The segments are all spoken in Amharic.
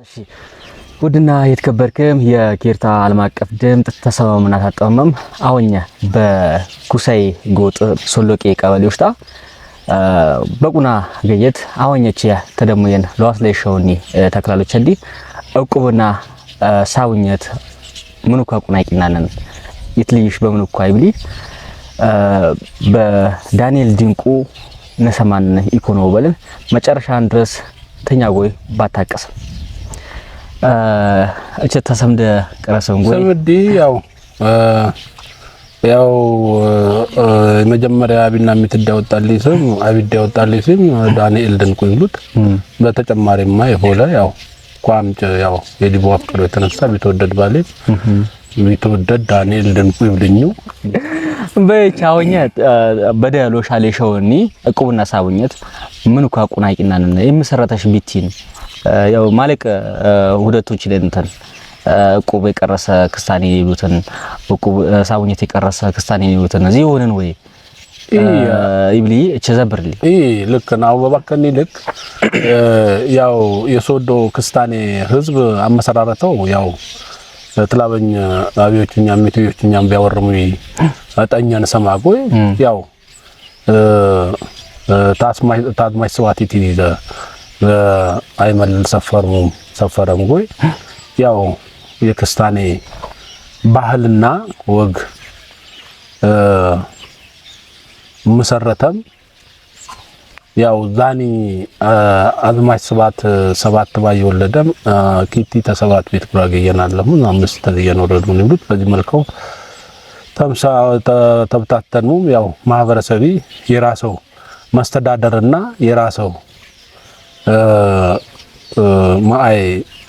እሺ ውድና የተከበርክም የኬርታ ዓለም አቀፍ ድምጥ ተሰማምና ታጠመም አሁኛ በኩሳይ ጎጥ ሶሎቄ ቀበሌ ውሽጣ በቁና ገየት አሁኘች ተደሙየን ለዋስ ላይ ሸውኒ ተክላሎች እንዲ እቁብና ሳውኘት ምንኳ ቁናቂናነን የትልይሽ በምንኳ ይብሊ በዳንኤል ድንቁ ነሰማን ኢኮኖ በልን መጨረሻን ድረስ ጎይ ባታቀስም እቸት ተሰምደ ቀረሰን ጎይ ሰምዲ ያው ያው የመጀመሪያ አቢና የምትዳ ወጣልኝ ስም አቢዳ ወጣልኝ ስም ዳንኤል ድንቁ ይሉት። በተጨማሪማ የሆለ ያው ቋምጭ ያው የዲቦ አፍቅሮ የተነሳ ቢተወደድ ባሌ ቢተወደድ ዳንኤል ድንቁ ይብልኝ በቻውኘት በደሎ ሎሻሌ ሸወኒ እቁብና ሳቡኘት ምን እኮ አቁናቂና ነን የምሰረተሽ ቢቲን ያው ማለቅ ሁደቶች ለንተን እቁብ የቀረሰ ክስታኔ ይሉትን እቁብ ሳቡኘት የቀረሰ ክስታኔ ይሉትን እዚህ ሆነን ወይ ይብሊ እቸ ዘብርሊ ኢ ልክ ነው በባከኒ ልክ ያው የሶዶ ክስታኔ ህዝብ አመሰራረተው ያው ትላበኛ አብዮችኛ ሚትዮችኛም ቢያወርሙ አጣኛን ሰማጎ ያው ታስማይ ታድማይ ዘ አይመልል ሰፈሩ ሰፈረም ጎይ ያው የክስታኔ ባህልና ወግ መሰረተም ያው ዛኒ አዝማች ሰባት ሰባት ባይ ወለደም ኪቲ ተሰባት ቤት ጉራጌ የናለሁን አምስት ተዘየን ወረዱ ንብሉት በዚህ መልኩ ተምሳ ተብታተኑ ያው ማህበረሰቢ የራሰው መስተዳደርና የራሰው ማአይ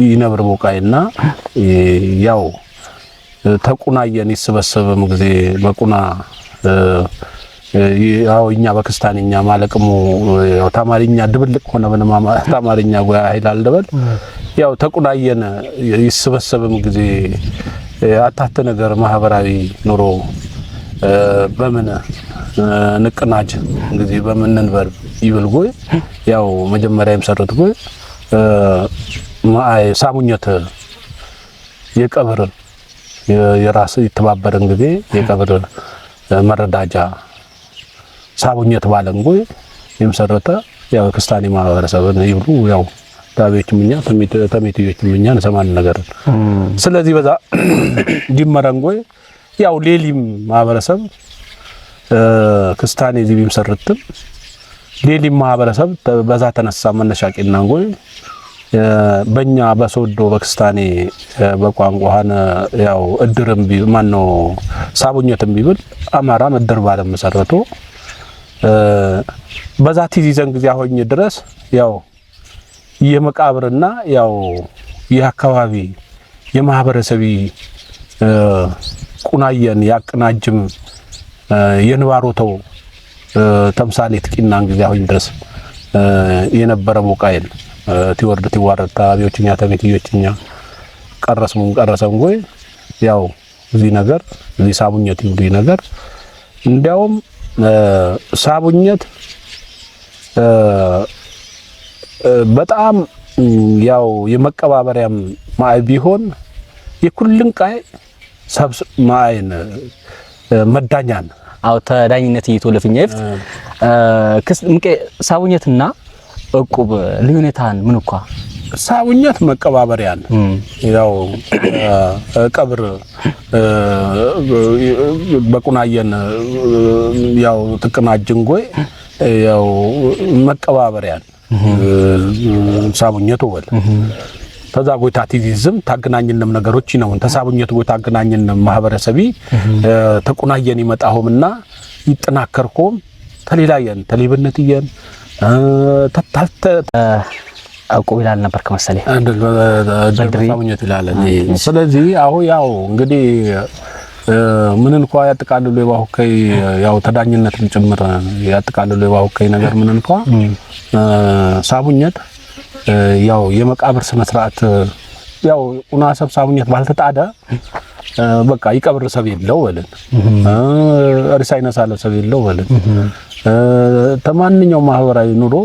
ይነብር ቦቃይና ያው ተቁናየን ይስበሰበም ጊዜ በቁና ያው እኛ በክስታንኛ ማለቅሙ ያው ታማሪኛ ድብልቅ ሆነ በነማ ታማሪኛ ጓ ሄዳል ደበል ያው ተቁናየነ ይስበሰብም ጊዜ አታተ ነገር ማህበራዊ ኑሮ በምን ንቅናጅ ጊዜ በምን ንበር ይብል ጎይ ያው መጀመሪያ የምሰሩት ጎይ ማይ ሳሙኘት የቀብር የራስ የተባበረን ጊዜ የቀብር መረዳጃ ሳቡኝ የተባለ እንጎይ የመሰረተ ያው ክስታኔ ማህበረሰብን ይብሉ ያው ዳቤዎችም እኛ ተሜትዮችም ምኛ ሰማን ነገር ስለዚህ በዛ ጎይ ያው ሌሊም ማህበረሰብ ክስታኔ ዚህ ቢምሰርትም ሌሊም ማህበረሰብ በዛ ተነሳ መነሻቂና ጎይ በእኛ በሶዶ በክስታኔ በቋንቋ ያው እድርም ቢል ነው ሳቡኘትም ቢብል አማራም እድር ባለም መሰረቶ በዛ ዘንግ ጊዜ አሁኝ ድረስ ያው የመቃብርና ያው የአካባቢ የማህበረሰብ ቁናየን ያቀናጅም የንባሮተው ተምሳሌት ቂናን ጊዜ አሁኝ ድረስ የነበረ ሙቃይል ቲወርድ ቲዋረድ ታቢዎችኛ ተቤትዮችኛ ቀረስሙን ቀረሰም ጎይ ያው እዚህ ነገር እዚህ ሳሙኘት ይሁዲ ነገር እንዲያውም ሳቡኘት በጣም ያው የመቀባበሪያም ማይ ቢሆን የኩልን ቃይ ሰብስ ማይን መዳኛን አው ተዳኝነት እየተወለፈኝ ይፍት ክስ ምቄ ሳቡኘትና እቁብ ልዩነታን ምንኳ ሳውኛት መቀባበሪያ አለ። ያው ቀብር በቁናየን ያው ጎይ ያው መቀባበሪያ አለ ሳውኛት ወል ተዛ ጎይታ ቲዚዝም ታገናኝንም ነገሮች ነው ተሳቡኘት ጎይታ አገናኝን ማህበረሰቢ ተቁናየን ይመጣሁምና ይጠናከርኮም ተሌላየን ተሌብነትየን ተታልተ እቁብ ይላል ነበር ከመሰለኝ አንድ ነበርክ ይላል። ስለዚህ አሁን ያው እንግዲህ ምን እንኳ ያጠቃልሉ የባሁከይ ያው ተዳኝነትም ጭምር ያጠቃልሉ የባሁከይ ነገር ምን እንኳ ሳቡኘት ያው የመቃብር ስነ ስርዓት ያው ኡና ሰብ ሳቡኘት ባልተጣደ በቃ ይቀብር ሰብ የለው ወልን እርሳ ይነሳለ ሰብ የለው ወልን ተማንኛው ማህበራዊ ኑሮ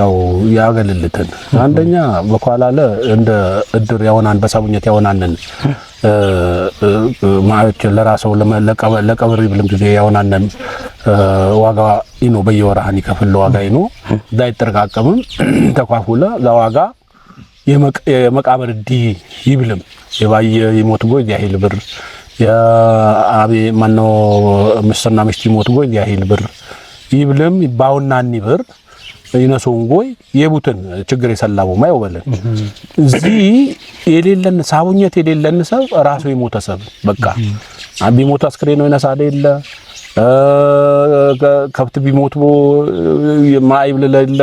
ያው ያገልልትን አንደኛ በኋላ ለ እንደ እድር ያሆናን በሳሙኘት ያሆናንን ማዎች ለራሰው ለቀብር ይብልም ጊዜ ያሆናንን ዋጋ ይኖ በየወራህን ይከፍል ዋጋ ይኖ እንዳይጠረቃቀምም ተኳፉለ ለዋጋ የመቃብር ዲ ይብልም የባየ ይሞት ጎይ ያሄል ብር የአቤ ማኖ ምስና ምሽት ይሞት ጎይ ያሄል ብር ይብልም ባውናኒ ብር ይነሶን ጎይ የቡትን ችግር የሰላሙ ማየው በለን እዚ የሌለን ሳቡኘት የሌለን ሰብ ራሱ የሞተ ሰብ በቃ ቢሞት አስክሬን ነው ይነሳ የለ ከብት ቢሞት ቦ ማይብል ለለ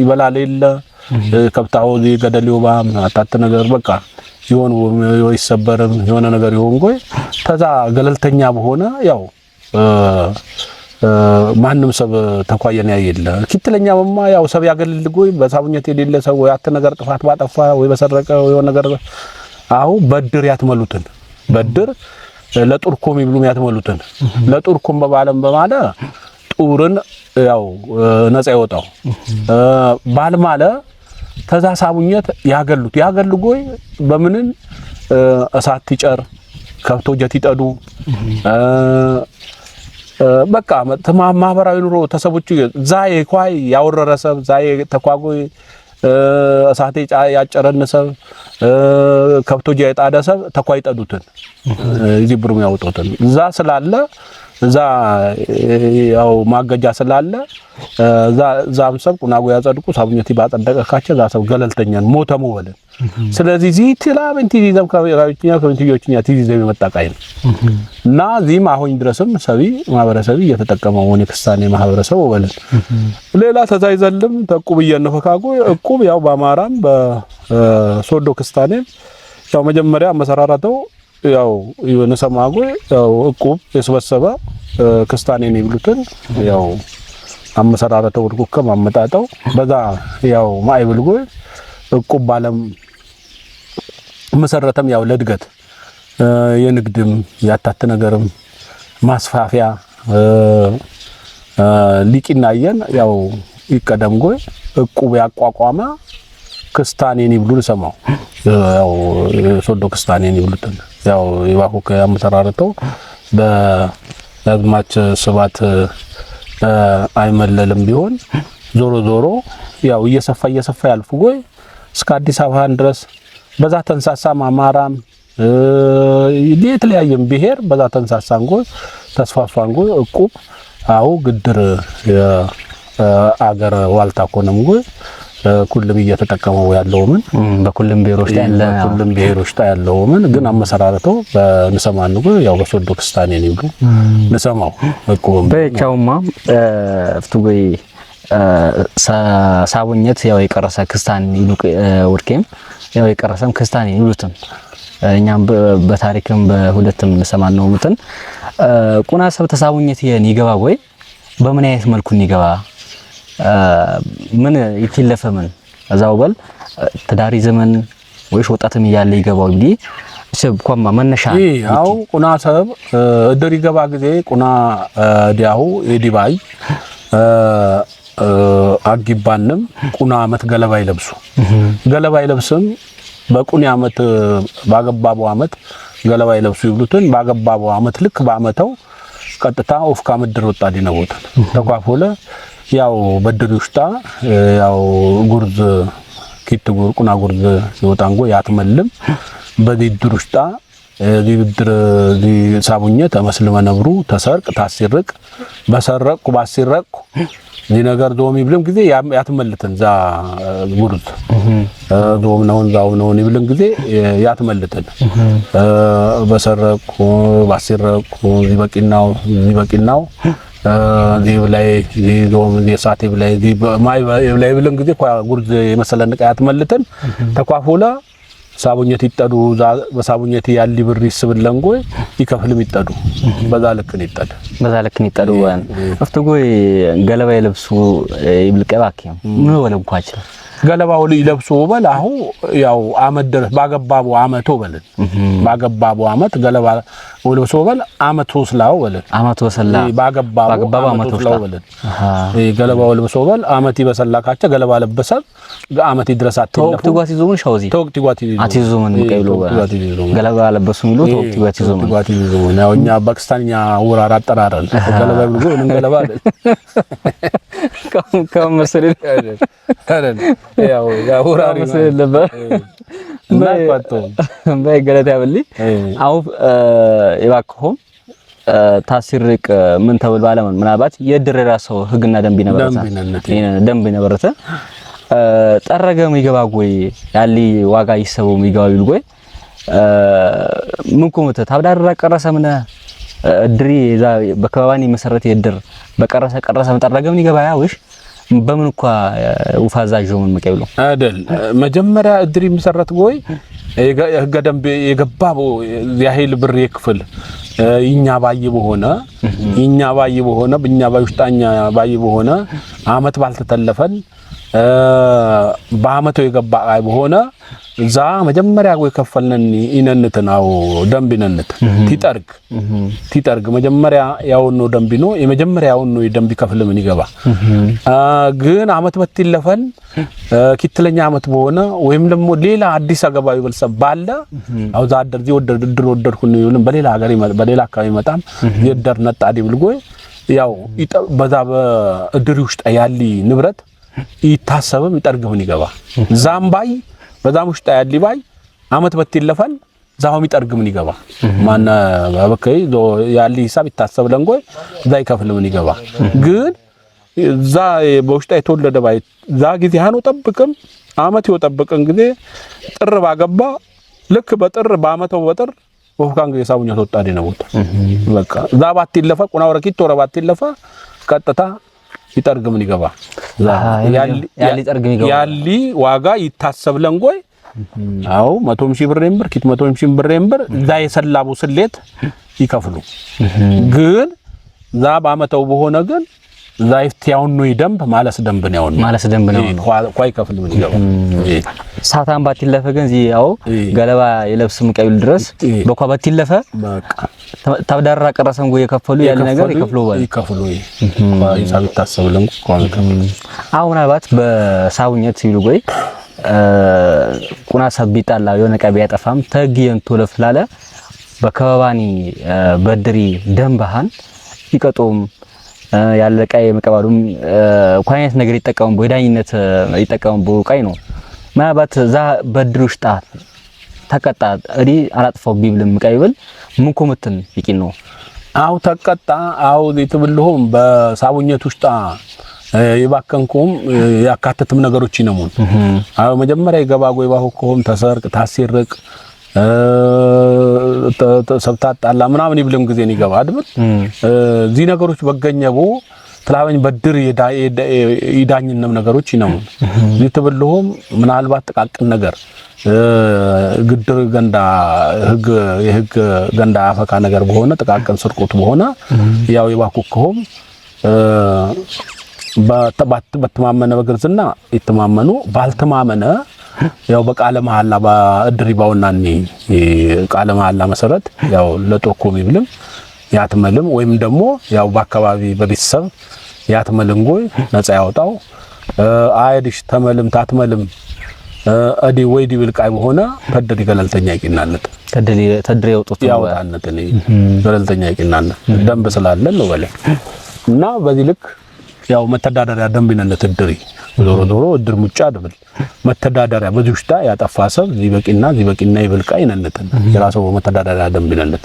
ይበላል የለ ከብታው ዲ ገደል ይውባ አጣጥ ነገር በቃ ይሆን ወይ ይሰበርም የሆነ ነገር ይሆን ጎይ ተዛ ገለልተኛ በሆነ ያው ማንም ሰብ ተኳየን ያየለ ኪትለኛ መማ ያው ሰብ ያገልል ጎይ በሳቡኘት የሌለ ሰው ወይ አት ነገር ጥፋት ባጠፋ ወይ በሰረቀ ወይ የሆነ ነገር አው በድር ያትመሉትን በድር ለጡርኮም ይብሉም ያትመሉትን ለጡርኮም በባለም በማለ ጡርን ያው ነጻ ይወጣው ባልማለ ተዛ ሳቡኘት ያገሉት ያገሉ ጎይ በምንን እሳት ይጨር ከብቶ ጀት ይጠዱ በቃ ማህበራዊ ኑሮ ተሰቦቹ ዛ ኳይ ያወረረ ሰብ ዛ የተኳጎይ እሳቴ ያጨረን ሰብ ከብቶ ጃ የጣደ ሰብ ተኳይ ጠዱትን እዚህ ብሩም ያወጡትን እዛ ስላለ እዛ ያው ማገጃ ስላለ እዛ ዛም ሰብ ቁናጎ ያጸድቁ ሳቡኘቲ ባጸደቀ ካቸ ዛ ሰብ ገለልተኛን ሞተ ሞወለን ስለዚህ ዚ ትላምን ቲዚዘም ከራዊኛ ከንትዮችኛ ዘም መጣቃይ ነው እና ዚህም አሁን ድረስም ሰቢ ማህበረሰብ እየተጠቀመው ወኔ ክስታኔ ማህበረሰብ ወበለን ሌላ ተዛይዘልም ተቁብ እየነፈካጎ እቁብ ያው በአማራም በሶዶ ክስታኔ ያው መጀመሪያ መሰራራተው ያው ሰማጎ ያው እቁብ የሰበሰበ ክስታኔ ነው ይብሉትን ያው አመሰራረተው ወድቁከ ማመጣጠው በዛ ያው ማይብልጎ እቁብ ባለም መሰረተም ያው ለእድገት የንግድም ያታት ነገርም ማስፋፊያ ሊቂናየን ያው ይቀደምጎ ጎይ እቁብ ያቋቋመ ክስታኔን ይብሉ ሰማው ያው ሶዶ ክስታኔን ይብሉትን ያው የባኮክ ያመሰራረተው በአዝማች ስባት አይመለልም ቢሆን ዞሮ ዞሮ ያው እየሰፋ እየሰፋ ያልፉ ጎይ እስከ አዲስ አበባን ድረስ በዛ ተንሳሳም አማራም የተለያየም ብሔር በዛ ተንሳሳን ጎይ ተስፋፋን ጎይ እቁብ አው ግድር አገር ዋልታ ኮነም ጎይ በኩልም እየተጠቀመው ያለው ምን በኩልም ብሔሮች ላይ ያለ በኩልም ብሔሮች ላይ ያለው ምን ግን አመሰራረተው በንሰማን ነው ያው በሶዶ ክስታኔ ነው ይሉ ንሰማው እኮ በቻውማ ፍቱጎይ ሳቦኘት ያው የቀረሰ ክስታን ይሉቅ ወድቄም ያው የቀረሰም ክስታን ይሉትም እኛም በታሪክም በሁለትም ንሰማን ነው ሙትን ቁና ሰብ ተሳቦኘት የን ይገባ ወይ በምን አይነት መልኩ ይገባ ምን ይትለፈ ምን እዛው በል ትዳሪ ዘመን ወይሽ ወጣትም እያለ ይገባው እንዲ ሰብ ኳማ መነሻ ይው ቁና ሰብ እድር ይገባ ጊዜ ቁና ዲያሁ የዲባይ አግባንም ቁና አመት ገለባ ይለብሱ ገለባ ይለብስም በቁን አመት ባገባቡ አመት ገለባ ይለብሱ ይብሉትን ባገባቡ አመት ልክ ባመተው ቀጥታ ኦፍ ካምድር ወጣ ዲነቦት ተኳፎለ ያው በድር ውሽጣ ያው ጉርዝ ኪት ጉር ቁና ጉርዝ ሲወጣንጎ ያትመልም በዲድር ውሽጣ ግብድር ሊሳቡኝ ተመስል መነብሩ ተሰርቅ ታሲርቅ በሰረቅኩ ባሲረቅኩ ነገር ዶም ይብልም ጊዜ ያትመልትን ዛ ጉሩት ዶም ነውን ዛው ነውን ይብልም ጊዜ ያትመልትን በሰረቅኩ ባሲረቅኩ ዚበቂናው ዚበቂናው ዲብ ላይ ዲዶም ዲሳት ይብላይ ዲብ ማይ ይብልም ጊዜ ኳ ጉርድ የመሰለ ንቃ ያትመልትን ተኳፉላ ሳቡኘት ይጠዱ በሳቡኘት ያሊ ብር ይስብን ለንጎይ ይከፍልም ይጠዱ በዛ ልክን ይጠድ በዛ ልክን ይጠዱ ወን አፍተጎይ ገለባ የለብሱ ይብልቀባክ ምን ወለንኳቸው ገለባው ልጅ ለብሶ አሁ ያው አመት ድረስ ባገባቡ አመቶ በልን ባገባቡ አመት ገለባ ወልብሶ በል አመት ወስላው በልን አመት ወሰላ ባገባቡ አመት ወስላው በልን ገለባው ወልብሶ በል አመት ይበሰላካቸ ገለባ ለበሰ አመት ይድረስ አትለፉ ተወቅት ጓት ይዞምን ሻውዚ ይዞምን አትይዞምን ቀይሎ ገለባ ለበሱ ሚሉ ይዞምን ይዞምን ያው እኛ አጠራረን ገለባ ብሎ ምን ገለባ አይደል ያው ያው ወራሪ ገለታ ያበልኝ አሁን ታሲርቅ ምን ተብል ባለምን ምናልባት ሰው ህግና ደንብ ደንብ ጎይ ያሊ ዋጋ ቢል ጎይ ምን ኩምተ ታብዳራ ቀረሰ እድሪ በከባባኒ መሰረት የድር በቀረሰ ቀረሰ መጠረገም ይገባ ያውሽ በምን እንኳ ውፋዛዡ ምን መቀብሎ አደል መጀመሪያ እድሪ መሰረት ወይ የህገ ደንብ የገባበው ያህል ብር ይክፈል ይኛ ባይ በሆነ ይኛ ባይ በሆነ ብኛ ባይ ውሽጣኛ ባይ በሆነ አመት ባልተተለፈን በአመቱ የገባ አይ በሆነ እዛ መጀመሪያ ወይ ከፈልነን ይነንት ነው ደንብ ይነንት ቲጠርግ ቲጠርግ መጀመሪያ ያው ነው ደንብ ነው የመጀመሪያ ያው ነው የደንብ ከፍል ምን ይገባ ግን አመት በትለፈን ኪትለኛ አመት በሆነ ወይም ደግሞ ሌላ አዲስ አገባዊ በልሰ ባለ አው ዛ አደር ዚ ወደድድር ወደድኩኝ ይሁን በሌላ ሀገር ከሌላ አካባቢ መጣም የደር ነጣዲ ብልጎ ያው በዛ በእድሪ ውሽጣ ያሊ ንብረት ይታሰብም ይጠርግምን ይገባ ዛም ባይ በዛም ውሽጣ ያሊ ባይ አመት በት ይለፈን ዛም ይጠርግምን ይገባ ማነ በበከይ ያሊ ሂሳብ ይታሰብ ለንጎይ ዛ ይከፍልምን ይገባ ግን ዛ በውሽጣ የተወለደ ባይ ዛ ጊዜ ሀኖ ጠብቅም አመት ይወጠብቅን ጊዜ ጥር ባገባ ልክ በጥር በአመተው በጥር ወፍካን ገሳ ቡኛ ተወጣደ ነው ወጣ በቃ እዛ ባትለፈ ቁና ወረኪት ቶረ ባትለፈ ቀጥታ ይጠርግምን ይገባ ያሊ ዋጋ ይታሰብ ለንጎይ አው 100 ሺህ ብር ብር ኪት 100 ሺህ ብር ብር እዛ የሰላቡ ስሌት ይከፍሉ ግን እዛ ባመተው በሆነ ግን ላይፍት ያውን ነው ይደምብ ማለስ ደምብ ነው ማለስ ደምብ ነው ኳይ ከፍል ምን ይገባ ሳታን ባትለፈ ግን ያው ገለባ የለብስም ቀቢል ድረስ በኳ ባትለፈ ተብዳራ ቀረሰን ጎይ የከፈሉ ያለ ነገር ይከፍሉ ባል ይከፍሉ ይሳብ ተሰብለም ኳን አሁን አባት በሳውኘት ሲሉ ጎይ ቁና ሰቢጣላ የሆነ ቀብ ያጠፋም ተግየን ቶለፍላለ በከባባኒ በድሪ ደምባሃን ይቀጦም ያለቃ የመቀባሉም እንኳን አይነት ነገር ይጠቀሙበት በዳኝነት ይጠቀሙበት ቃይ ነው። ምናልባት ዛ በድሩ ሽጣ ተቀጣ እዲ አላጥፋው ቢብልም ቀይብል ምን ኮምትን ይቂን ነው አው ተቀጣ አው ይትብልሁም በሳቡኘት ውሽጣ የባከንኩም ያካተትም ነገሮች ይነሙን አው መጀመሪያ ይገባጎ ይባሁ ኮም ተሰርቅ ታሲርቅ ሰብታጣላ ምናምን ይብልም ጊዜ ይገባ አድምጥ እዚህ ነገሮች በገኘቡ ትላበኝ በድር ይዳኝነም ነገሮች ይነሙ እዚህ ትብልሁም ምናልባት ጥቃቅን ነገር ግድር ገንዳ ህግ የህግ ገንዳ አፈካ ነገር በሆነ ጥቃቅን ስርቆት በሆነ ያው የባኩከሆም በተማመነ በግርዝና የተማመኑ ባልተማመነ ያው በቃለ መሐላ በእድሪባውና እኔ ቃለ መሐላ መሰረት ያው ለጦኮሚ ብልም ያትመልም ወይም ደግሞ ያው በአካባቢ በቤተሰብ ያትመልም ጎይ ነጻ ያወጣው አይድሽ ተመልም ታትመልም አዲ ወይዲ ዲብል ቃይ በሆነ ተደሪ ገለልተኛ ይቅናነት ተደሪ ተደሪ ያውጡት ያውጣነት ገለልተኛ ይቅናነት ደንብ ስላለን ነው በለ እና በዚህ ልክ ያው መተዳደሪያ ደንብ ይነለት እድሪ ዞሮ ዞሮ እድር ሙጫ ድብል መተዳደሪያ በዚህ ውሽጣ ያጠፋ ሰብ ዚበቂና ዚበቂና ይብልቃ ይነለት የራሱ መተዳደሪያ ደንብ ይነለት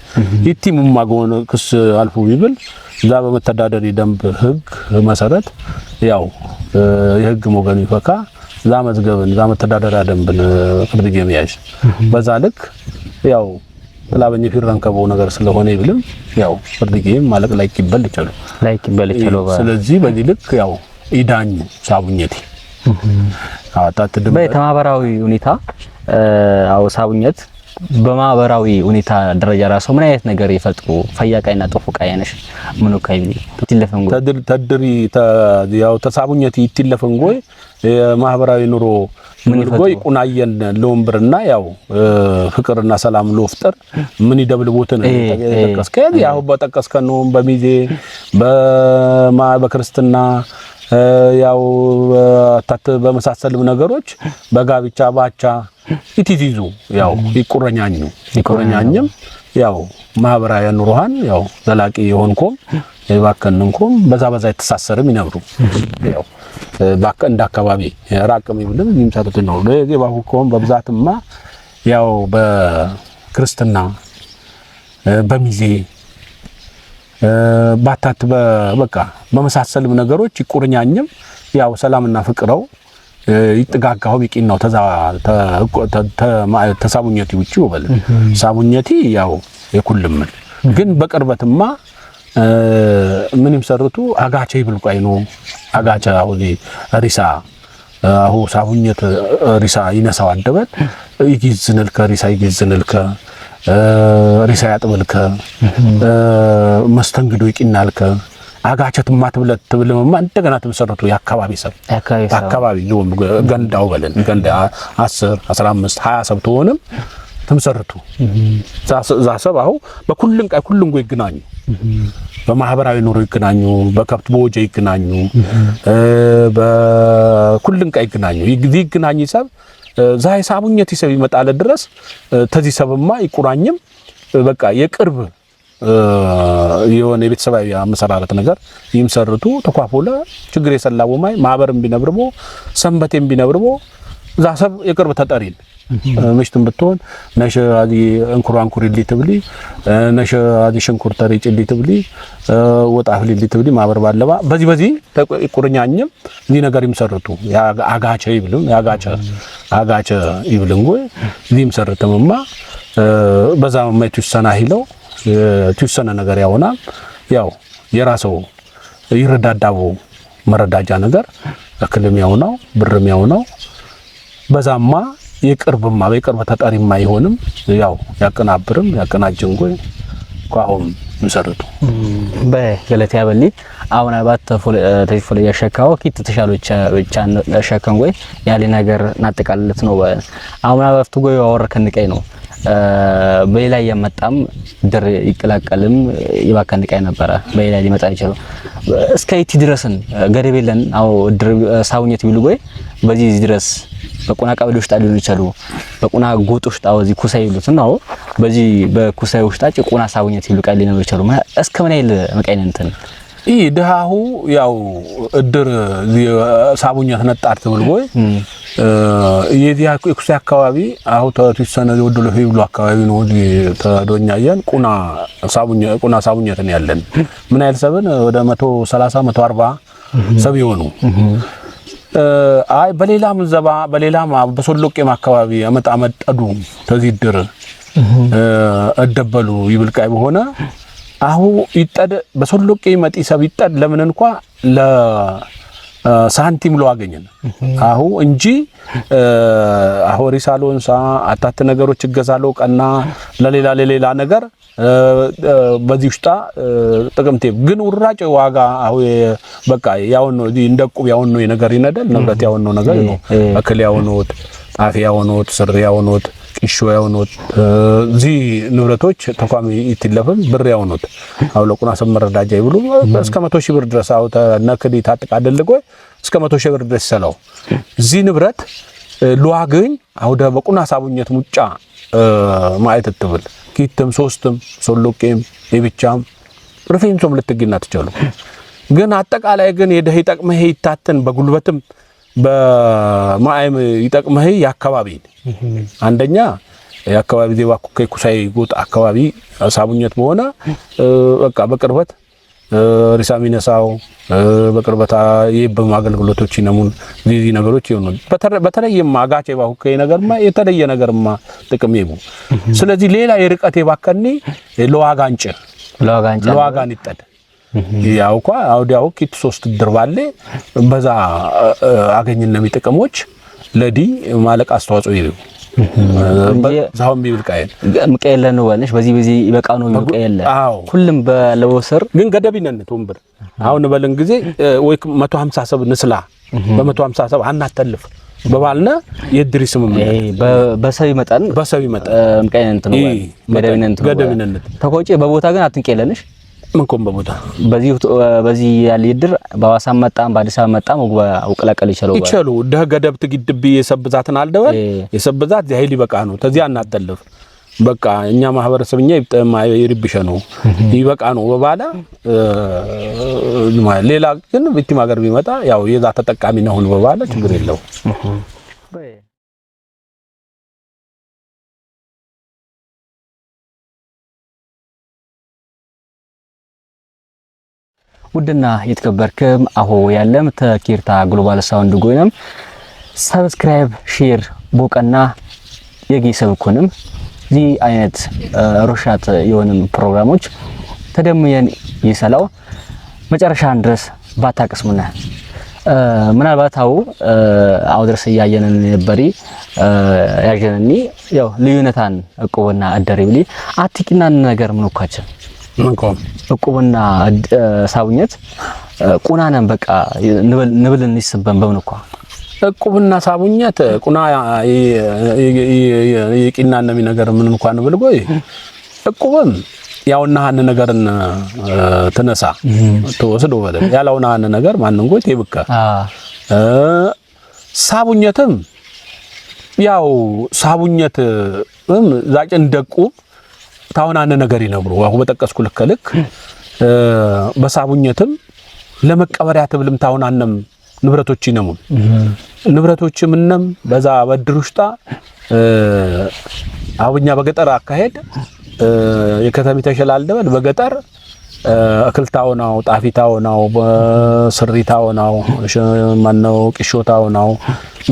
ይቲ ሙማ ጎን ክስ አልፉ ይብል እዛ በመተዳደሪ ደንብ ህግ መሰረት ያው የህግ ሞገን ይፈካ ዛ መዝገብን ዛ መተዳደሪያ ደንብን ፍርድ ገሚያሽ በዛ ልክ ያው ጥላበኝ ፊራን ከበው ነገር ስለሆነ ይብልም ያው ፍርድ ጊዜም ማለቅ ላይክ ይበል ይችላል ላይክ ይበል ይችላል። ስለዚህ በዚህ ልክ ያው ኢዳኝ ሳቡኘት አጣጥ ድም በተማበራዊ ሁኔታ አው ሳቡኘት በማህበራዊ ሁኔታ ደረጃ ራሱ ምን አይነት ነገር ይፈጥሩ ፈያቃይና ጥፉ ቃየነሽ ምን ቃይ ቢ ተድር ተድሪ ያው ተሳቡኘት ይትለፈንጎ የማህበራዊ ኑሮ ምን ጎይ ቁናየን ለወንብርና ያው ፍቅርና ሰላም ለወፍጠር ምን ይደብል ነው ተቀስከ ያው በጠቀስከ ነው በሚዜ በማ በክርስትና ያው በመሳሰልም ነገሮች በጋብቻ ባቻ ኢቲቲዙ ያው ይቁረኛኝ ነው ይቁረኛኝም ያው ማህበራዊ ኑሮሃን ያው ዘላቂ የሆንኩም የባከንንኩም በዛ በዛ የተሳሰርም ይነብሩ ያው ባከ እንደ አካባቢ ራቅም ይብልም ይምሳተት ነው ለዚህ ባሁኮም በብዛትማ ያው በክርስትና በሚዜ ባታት በቃ በመሳሰልም ነገሮች ይቁርኛኝም ያው ሰላምና ፍቅረው ይጥጋጋው ቢቂናው ተዛ ተሳቡኘቲ ውጪ ወበል ሳቡኘቲ ያው የኩልም ግን በቅርበትማ ምን ይምሰርቱ አጋቸ ይብልቋይ ነው አጋቸ አሁን ሪሳ አሁ ሳቡኘት ሪሳ ይነሳው አደበት ይጊዝንልከ ሪሳ ይጊዝንልከ ሪሳ ያጥብልከ መስተንግዶ ይቅናልከ አጋቸት ማትብለት ትብልም እንደገና ተመሰረቱ የአካባቢ ሰብ አካባቢ ነው ገንዳው በለን ገንዳ 10 15 20 ሰብ ተሆንም ተመሰረቱ ዛ ሰብ አሁን በኩልን ቃይ ኩልን ጎ ይገናኙ በማህበራዊ ኑሮ ይገናኙ፣ በከብት በወጀ ይገናኙ፣ በኩልን ቃይ ይገናኙ ይግዚ ይገናኝ ሰብ ዛይ ሳቡኘት ይሰብ ይመጣለ ድረስ ተዚ ሰብማ ይቁራኝም በቃ የቅርብ የሆነ የቤተሰባዊ አመሰራረት ነገር ይምሰርቱ ተኳፎለ ችግር የሰላው ማይ ማህበርም ቢነብርቦ ሰንበቴም ቢነብርቦ እዛ ሰብ የቅርብ ተጠሪ ምሽትን ብትሆን ነሽ አዚ እንኩራንኩር ይሊ ትብሊ ነሽ አዚ ሽንኩር ተሪ ጭሊ ትብሊ ወጣፍ ይሊ ትብሊ ማበር ባለባ በዚህ በዚህ ቁርኛኝም እዚ ነገር ይምሰርቱ አጋቸ ይብልም ያጋቸ አጋቸ ይብልን ወይ እዚ ይምሰርተምማ በዛ ማይቱ ሰና ሂለው ትውሰነ ነገር ያውና ያው የራሰው ይረዳዳቡ መረዳጃ ነገር እክልም ያው ነው ብርም ያው ነው በዛማ የቅርብማ በቅርብ ተጠሪማ አይሆንም። ያው ያቀናብርም ያቀናጀን ጎይ ቋሁን ምሰርቱ በገለቴ ያበሊ አሁን አባት ተፎለ ያሸካው ኪት ተሻሎች ብቻ ያሸከን ጎይ ያለ ነገር እናጠቃልለት ነው። አሁን አባፍቱ ጎይ ያወርከን ከንቀይ ነው በሌላ እያመጣም ድር ይቀላቀልም ይባከን ቀይ ነበረ በሌላ ሊመጣ ይችላል። እስከ ይቲ ድረስን ገደብ የለን አው ድር ሳውኘት ቢሉ ጎይ በዚህ ድረስ በቁና ቀበሌ ውስጥ ሊሆኑ ይቻሉ በቁና ጎጥ ውስጥ አወዚ ኩሳይ ይሉት ነው በዚህ በኩሳይ ውስጥ አጭ ቁና ሳውኘት ይሉ ቃል ሊኖር ይቻሉ እስከ ምን አይል መቃይነን እንትን ኢ ድሃሁ ያው እድር ሳቡኛት ነጣር ትብል ወይ የዚህ ኩሳይ አካባቢ አሁ ተትሰነ ወደሎ ይብሉ አካባቢ ነው ተዶኛ ያን ቁና ሳቡኛ ቁና ሳቡኛትን ያለን ምን አይል ሰብን ወደ 130 140 ሰብ ይሆኑ አይ በሌላም ዘባ በሌላም በሶሎቄም አካባቢ አመጣመጠዱ ተዚህ ድር እደበሉ ይብልቃይ በሆነ አሁ ይጠድ በሶሎቄ መጢ ሰብ ይጠድ ለምን እንኳ ሳንቲም ለው አገኘን አሁ እንጂ አሁሪ ሳሎንሳ አታት ነገሮች እገዛለው ቀና ለሌላ ለሌላ ነገር በዚህ ውሽጣ ጥቅምቴ ግን ውራጭ ዋጋ አሁ በቃ ያው ነው እንደቁብ ያው ነው ነገር ይነደል ንብረት ያው ነው ነገር ነው አክል ያው ነው ጣፊ ያው ነው ስር ያው ነው ቂሾ ያውኖት እዚ ንብረቶች ተቋሚ ይትለፍም ብር ያውኖት አብ ለቁና ሰብ መረዳጃ ይብሉ እስከ መቶ ሺህ ብር ድረስ አው ነክዲ ታጥቃ አደልጎ እስከ መቶ ሺህ ብር ድረስ ሰለው እዚ ንብረት ልዋግኝ አውደ በቁና ሳቡኘት ሙጫ ማየት እትብል ኪትም ሶስትም ሶሎቄም የብቻም ርፌም ሶም ልትግና ትችሉ ግን አጠቃላይ ግን የደህ ይጠቅመህ ይታትን በጉልበትም በማይም ይጠቅመህ የአካባቢን አንደኛ የአካባቢ ዜባ ኩሳይ ጎጥ አካባቢ ሳቡኘት በሆነ በቃ በቅርበት ሪሳ ሚነሳው በቅርበታ የበም አገልግሎቶች ይነሙን ዚህ ነገሮች ይሆኑ በተለይም አጋቼ ባሁከ ነገርማ የተለየ ነገርማ ጥቅም ይቡ ስለዚህ ሌላ የርቀት የባከኒ ለዋጋንጭ ለዋጋን ይጠድ ያውኳ አውዲያው ኪት ሶስት ድርባሌ በዛ አገኝነሚ ጥቅሞች ለዲ ማለቅ አስተዋጽኦ ይዩ ዛሁን ቢብል ቃየል ምቀየለ ነው ባለሽ በዚህ በዚህ ይበቃ ነው ይቀየለ ሁሉም በለወሰር ግን ገደብ ወንብር አሁን በለን ጊዜ ወይ 150 ሰብ ንስላ በ 150 ሰብ አናተልፍ በባልና የድሪ ስም በሰብ ይመጣን በሰብ ይመጣን ምቀየነንት ነው ገደብ ይነንት ተቆጪ በቦታ ግን አትንቀየለንሽ ምን ምንኮም በቦታ በዚህ በዚህ ያለ ይድር በሐዋሳም መጣም በአዲስ አበባ መጣም አውቀላቀል ይችላል ይችላል ደህ ገደብት ግድብ የሰብዛትን አልደበል የሰብዛት ዚህ ኃይል ይበቃ ነው ተዚያ እናጠልፍ በቃ እኛ ማህበረሰብ እኛ ይብጠማ ይርብሸ ነው ይበቃ ነው በባለ ሌላ ግን ቢቲ ማገር ቢመጣ ያው የዛ ተጠቃሚ ነው በባለ ችግር የለው ውድና የተከበርክም አሆ ያለም ተኪርታ ግሎባል ሳውንድ ጎይነም ሰብስክራይብ ሼር ቦቀና የጊ ሰብኩንም እዚህ አይነት ሮሻት የሆንም ፕሮግራሞች ተደምየን ይሰላው መጨረሻን ድረስ ባታቅስሙና ምናልባት አው አው ድረስ እያየንን ነበር ያጀነኒ ያው ልዩነታን እቆብና አደሪ ብሊ አትቂናን ነገር ምንኳችን እቁብና ሳቡኘት ቁናነን በቃ ንብል እንይስበን በምን እኮ እቁብና ሳቡኘት ቁና የቂና ነሚ ነገር ምን እንኳን ንብል ጎይ እቁብም ያውና ሀን ነገርን ትነሳ ተወስዶ ወደ ያላውና ሀን ነገር ማንን ጎይ ቴብከ ሳቡኘትም ያው ሳቡኘትም ዛቄ ደቁብ ታሁን አንድ ነገር ይነግሩ አሁን በጠቀስኩ ልክ ልክ በሳቡኘትም ለመቀበሪያ ትብልም ታሁን አነም ንብረቶች ይነሙን ንብረቶች ምነም በዛ በድር ውሽጣ አሁን በገጠር አካሄድ የከተሜ ተሸላልደበል በገጠር እክልታው ነው፣ ጣፊታው ነው፣ ስሪታው ነው፣ ማነው ቅሾታው ነው።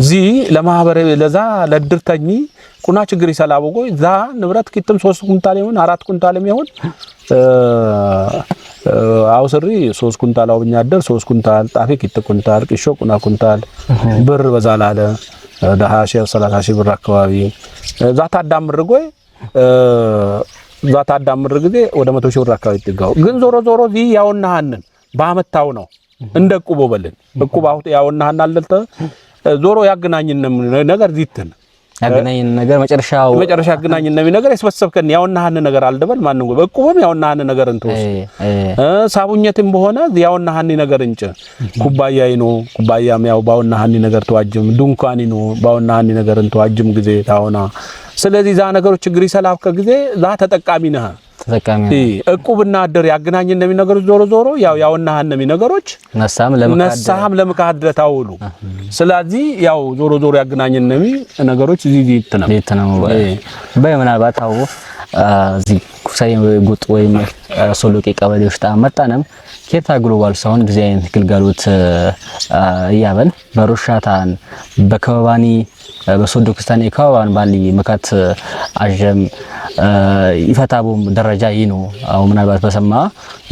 እዚ ለማህበረ ለዛ ለድርተኝ ቁና ችግር ይሰላው ጎይ ዛ ንብረት ኪትም ሶስት ኩንታል ይሁን አራት ኩንታል ይሁን አው ስሪ ሶስት ኩንታል አው ብኛ አደር ኩንታል ጣፊ ኪት ኩንታል ቅሾ ቁና ኩንታል ብር በዛ ላለ ዳሃ ሺህ 30 ሺህ ብር አካባቢ ዛ ጎይ እዛ ታዳምር ጊዜ ወደ መቶ ሺህ ብር አካባቢ ይጥጋው። ግን ዞሮ ዞሮ እዚህ ያውናሃንን ባመታው ነው እንደ ቁቦ በልን እቁብ አሁን ያውናሃን አለልተ ዞሮ ያገናኝን ነገር ዚትን ያገናኝን ነገር መጨረሻው መጨረሻ ያገናኝን ነገር የስበሰብከን ያውናሃን ነገር አልደበል ማን ነው እቁብም ያውናሃን ነገር እንትውስ ሳቡኘትም በሆነ ያውናሃን ነገር እንጭ ኩባያ ነው ኩባያም ያው ባውናሃን ነገር ተዋጅም ዱንኳኒ ነው ባውናሃን ነገር እንተዋጅም ጊዜ ታውና ስለዚህ ዛ ነገሮች ችግር ይሰላፍከ ጊዜ ዛ ተጠቃሚ ነህ ተጠቃሚ እቁብና አደር ያገናኝ እንደሚ ነገሮች ዞሮ ዞሮ ያው ያውና እንደሚ ነገሮች ነሳም ለምካድ ነሳም ለምካድ ለታውሉ ስለዚህ ያው ዞሮ ዞሮ ያገናኝ እንደሚ ነገሮች እዚህ ይትነም ይትነም በይ ምናልባት አዎ እዚህ ኩሳይ ጉጥ ወይም ሶሎቄ ቀበሌ ውሽጣ መጣነም ኬታ ግሎባል ሳሁን ጊዜ አይነት ግልጋሎት እያበን በሮሻታን በከበባኒ በሶዶ ክስታኔ ባሊ መካት አጀም ይፈታቦም ደረጃ ይህ ነው። ምናልባት በሰማ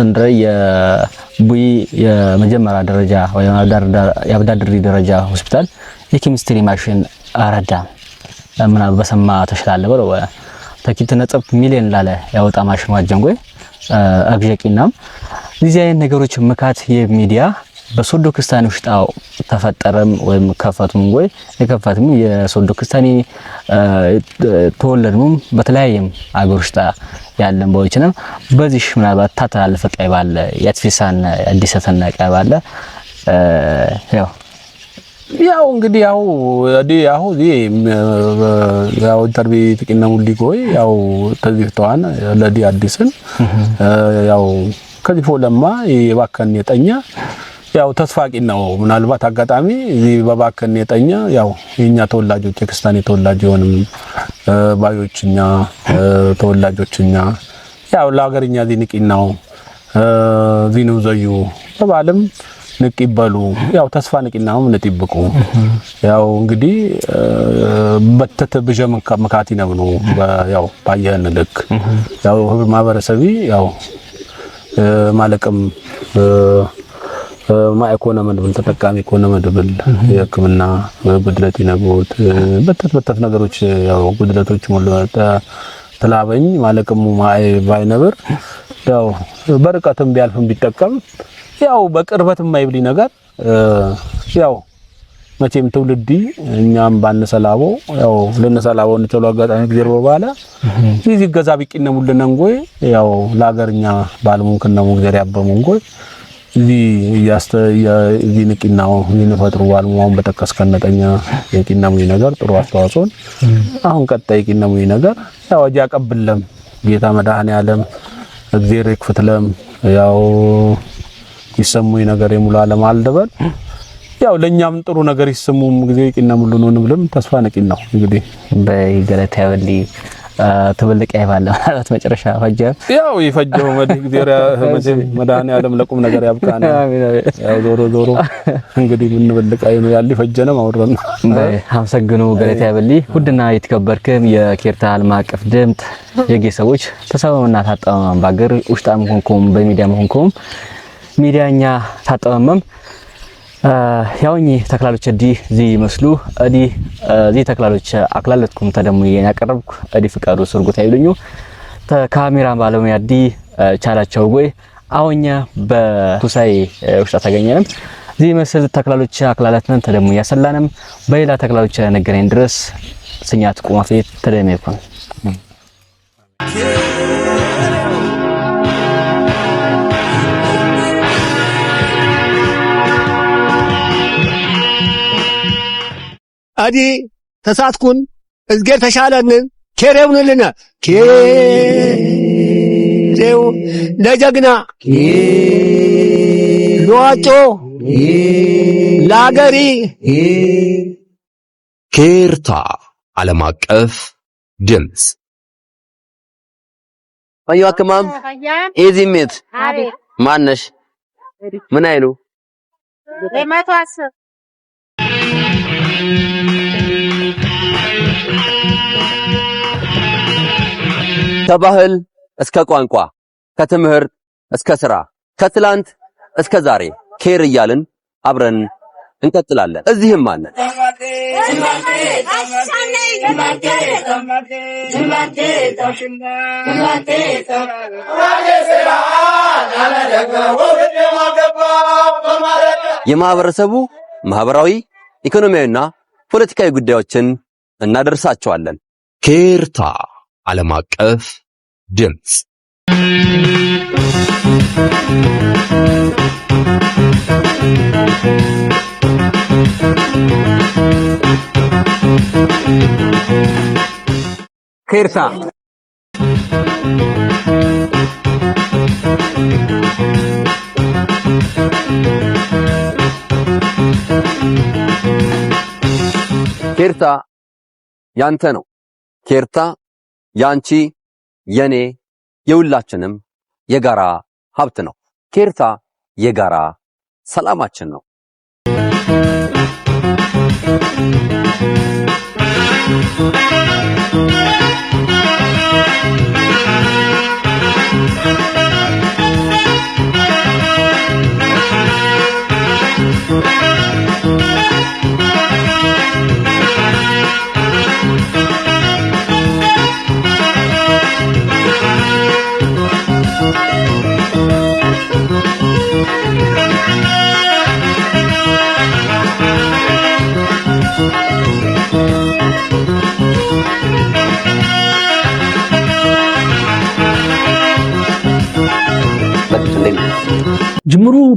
እንድረ የቡይ የመጀመሪያ ደረጃ ወይ የአብዳድሪ ደረጃ ሆስፒታል የኬሚስትሪ ማሽን አረዳ ምናልባት በሰማ ተሽላለ በለው ተኪልት ነጥብ ሚሊዮን ላለ ያወጣ ማሽኑ አጀንጎ አብጀቂናም እዚህ አይነት ነገሮች ምካት የሚዲያ በሶዶ ክስታን ውሽጣ ተፈጠረም ወይም ከፈቱም ወይ የከፈትም የሶዶ ክስታኒ ተወለድሙም በተለያየም አገር ውሽጣ ያለን ቦይችንም በዚህ ምናልባት ታታልፈ ቀይ ባለ የትፊሳን አዲሰተና ቀይ ባለ ያው ያው እንግዲህ ያው አዲ ያው ዲ ያው ተርቢ ተቀነሙ ሊቆይ ያው ተዚህ ተዋን ለዲ አዲስን ያው ከዚህ ፎለማ የባከን የጠኛ ያው ተስፋቂ ነው። ምናልባት አጋጣሚ እዚህ በባከን የጠኛ ያው የኛ ተወላጆች የክስታኔ ተወላጅ የሆንም ባዮችኛ ተወላጆችኛ ያው ለሀገርኛ ንቂናው ዚንቂናው ነው ዘዩ በባለም ንቅ ይበሉ። ያው ተስፋ ንቂና ንጥብቁ ያው እንግዲህ በተተ ብጀ መካቲ ነው ያው ባየህን ልክ ያው ህብር ማህበረሰቢ ያው ማለቅም ማይ ኮነ መድብል ተጠቃሚ ኮነ መድብል የሕክምና ጉድለት ይነቦት በተት በተት ነገሮች ያው ጉድለቶች ሙሉ ተላበኝ ማለቅም ማይ ባይነብር ያው በርቀትም ቢያልፍም ቢጠቀም ያው በቅርበት የማይብልኝ ነገር ያው መቼም ትውልዲ እኛም ባንሰላቦ ያው ልንሰላቦ እንችሉ አጋጣሚ ጊዜ በባለ ይዚ ገዛ ቢቂነ ሙልነ እንጎይ ያው ለሀገርኛ ከነሙ ሙግዘር ያበሙ እንጎይ እዚ ያስተ እዚ ንቂናው ይንፈጥሩ ባልሙን በጠቀስከን ከነጠኛ የቂናሙ ነገር ጥሩ አስተዋጽኦን አሁን ቀጣይ ቂናሙ ነገር ያው አጃ ቀብለም ጌታ መድኃኔ ዓለም እግዚአብሔር ይክፈትለም ያው ይሰሙኝ ነገር የሙሉ ዓለም አልደበል ያው ለኛም ጥሩ ነገር ይስሙም ጊዜ ቂና ሙሉ ነው ብለም ተስፋ ነቂን ነው እንግዲህ በገለታ ያበል ትብልቅ ይባለ ማለት መጨረሻ ፈጀ ያው ይፈጀው መድህ መዳን ያለም ለቁም ነገር ያብቃን። ያው ዞሮ ዞሮ እንግዲህ ምን ብልቅ ነው ያለ ፈጀነ ማውረን አመሰግኑ ገለታ ያበሊ ውድና የተከበርክም የኬርታ ዓለም አቀፍ ድምፅ የጌ ሰዎች ተሰበምና ታጠመም ባገር ውሽጣም ሆንኩም በሚዲያም ሆንኩም ሚዲያኛ ታጠመመም ያውኝ ተክላሎች እዲ ዚ ይመስሉ እዲ ዚ ተክላሎች አክላለትኩም ተደሙ ያቀረብኩ እዲ ፍቃዱ ስርጉት አይሉኙ ተካሜራ ባለሙያ እዲ ቻላቸው ጎይ አሁኛ በኩሳይ ውሽጣ ተገኘንም ዚ መስል ተክላሎች አክላለትነን ተደሙ ያሰላንም በሌላ ተክላሎች ነገረን ድረስ ስኛት ቁማፌ ተደሜኩን Yeah. አዲ ተሳትኩን እዝጌር ተሻለንን ኬሬውንልነ ኬሬው ለጀግና ለዋጮ ለአገሪ ኬርታ ዓለም አቀፍ ድምፅ አዩ አከማም ኤዚሜት ማነሽ ምን አይሉ ከባህል እስከ ቋንቋ፣ ከትምህርት እስከ ስራ፣ ከትላንት እስከ ዛሬ ኬር እያልን አብረን እንቀጥላለን። እዚህም አለን። የማህበረሰቡ ማህበራዊ ኢኮኖሚያዊና ፖለቲካዊ ጉዳዮችን እናደርሳቸዋለን። ኬርታ ዓለም አቀፍ ድምፅ ኬርታ ኬርታ ያንተ ነው። ኬርታ ያንቺ፣ የኔ፣ የሁላችንም የጋራ ሀብት ነው። ኬርታ የጋራ ሰላማችን ነው።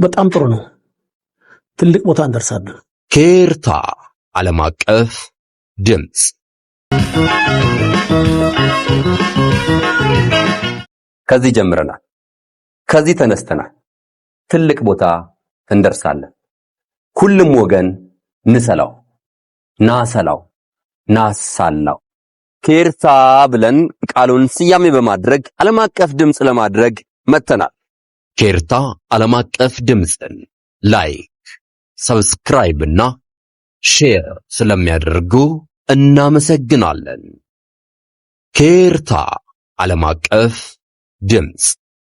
በጣም ጥሩ ነው። ትልቅ ቦታ እንደርሳለን። ኬርታ ዓለም አቀፍ ድምፅ ከዚህ ጀምረናል። ከዚህ ተነስተናል። ትልቅ ቦታ እንደርሳለን። ሁሉም ወገን ንሰላው፣ ናሰላው፣ ናሳላው ኬርታ ብለን ቃሉን ስያሜ በማድረግ ዓለም አቀፍ ድምፅ ለማድረግ መጥተናል። ኬርታ ዓለም አቀፍ ድምፅን ላይክ፣ ሰብስክራይብ እና ሼር ስለሚያደርጉ እናመሰግናለን። ኬርታ ዓለም አቀፍ ድምፅ